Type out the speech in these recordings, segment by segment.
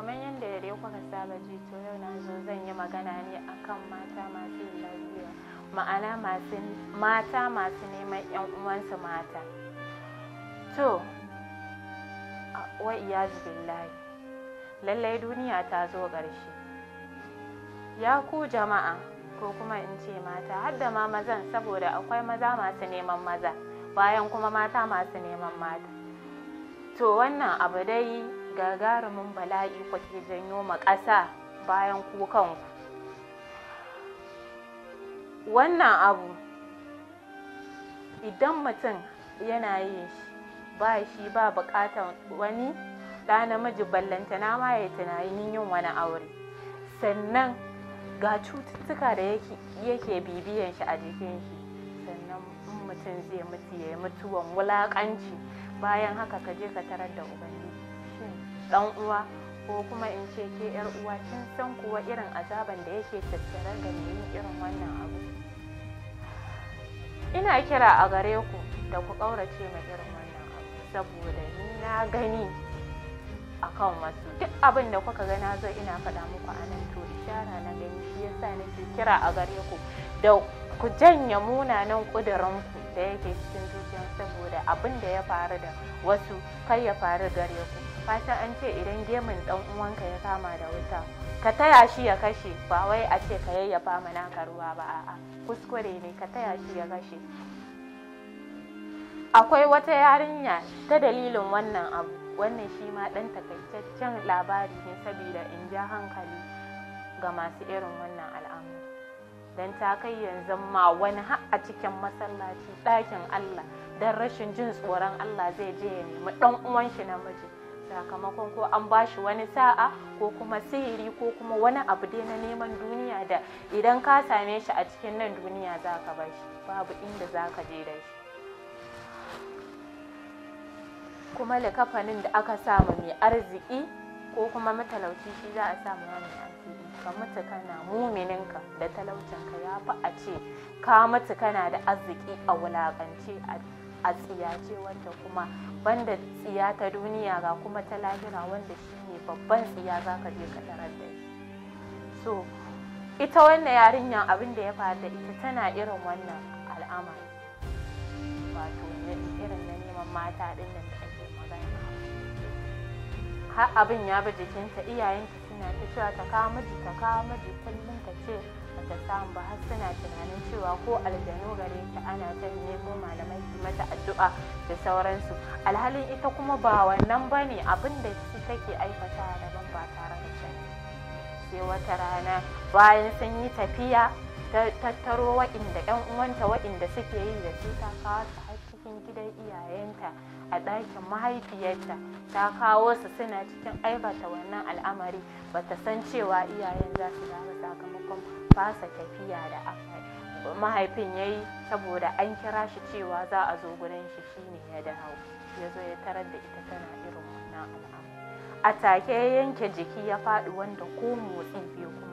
kamar yadda ya kuka saba ji to yau na zo zan yi magana ne akan mata masu yin lafiya ma'ana mata masu neman yan uwansu mata to wa iyazu billahi lallai duniya ta zo ƙarshe ya ku jama'a ko kuma in ce mata har da ma mazan saboda akwai maza masu neman maza bayan kuma mata masu neman mata to wannan abu dai gagarumin bala'i kuke janyo ma ƙasa bayan ku wannan abu idan mutum yana yin shi ba shi ba buƙatar wani ɗa namiji ballantana ma ya tunanin yin wani aure sannan ga cututtuka da yake bibiyan shi a jikin shi sannan mutum zai mutu ya yi mutuwan wulakanci bayan haka ka je ka tarar da ubangiji dan uwa ko kuma in ce ke yar uwa kin san kuwa irin azaban da yake tattare da yin irin wannan abu ina kira a gare ku da ku ƙaurace ma irin wannan abu saboda ni na gani akan wasu duk abin da kuka gana zo ina faɗa muku a nan to ishara na gani shi yasa nake kira a gare ku da ku janye munanan ƙudurinku da yake cikin zuciya saboda abin da ya faru da wasu kai ya faru gare ku fatan an ce idan gemun dan uwanka ya kama da wuta ka taya shi ya kashe ba wai a ce ka yayyafa mana karuwa ruwa ba a'a kuskure ne ka taya shi ya kashe akwai wata yarinya ta dalilin wannan abu wannan shi ma dan takaitaccen labari ne saboda in ja hankali ga masu irin wannan al'amari don ta kai yanzu ma wani ha a cikin masallaci ɗakin Allah don rashin jin tsoron Allah zai je ya nemi ɗan uwan shi namiji sakamakon ko an ba shi wani sa'a ko kuma sihiri ko kuma wani abu dai na neman duniya da idan ka same shi a cikin nan duniya za ka bar shi babu inda za ka je da shi kuma likafanin da aka samu mai arziki ko kuma matalauci shi za a sa wani alheri ka mutu kana mumininka da talaucinka ya fi a ce ka mutu kana da arziki a wulakance a tsiyace wanda kuma banda tsiya ta duniya ga kuma ta lahira wanda shi ne babban tsiya za ka je ka tarar da shi so ita wannan yarinyar abin da ya faru da ita tana irin wannan al'amari wato irin na neman mata ɗin nan da har abin ya bi jikinta iyayenta suna ta cewa ta kawo miji ta kawo miji kullum ta ce a ta samu ba har suna tunanin cewa ko aljanu gare ta ana ta nemo malamai su mata addu'a da sauransu alhalin ita kuma ba wannan ba ne abin da su take aikata daban ba tare da can sai wata rana bayan sun yi tafiya ta tattaro wa'inda 'yan uwanta wa'inda suke yi da su ta kawo cikin gidan iyayenta a ɗakin mahaifiyarta ta kawo su suna cikin aibata wannan al'amari bata san cewa iyayen za su dawo sakamakon fasa tafiya da mahaifin ya yi saboda an kira shi cewa za a zo gudan shi shine ya dawo ya zo ya tarar da ita tana irin wannan al'amari a take yanke jiki ya faɗi wanda ko motsi biyu kuma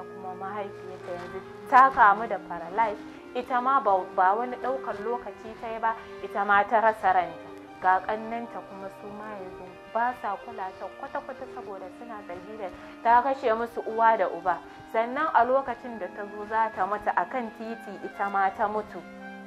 da kuma mahaifiyarta yanzu ta kamu da paralyze ita ma ba wani ɗaukar lokaci ta yi ba ita ma ta rasa ranta ga ƙannanta kuma su ma yanzu ba sa kula ta kwata-kwata saboda suna dalilin ta kashe musu uwa da uba sannan a lokacin da ta zo za ta mutu a kan titi ita ma ta mutu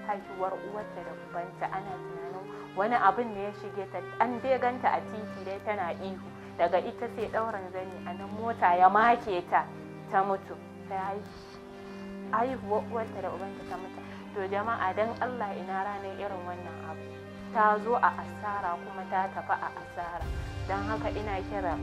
haihuwar uwarta da ubanta ana tunanin wani abin da ya shige ta an dai ganta a titi dai tana ihu daga ita sai ɗaurin zani a nan mota ya make ta ta mutu ta yi uwarta da ubanta ta mutu to jama'a don Allah ina ranar irin wannan abu ta zo a asara kuma ta tafi a asara don haka ina kira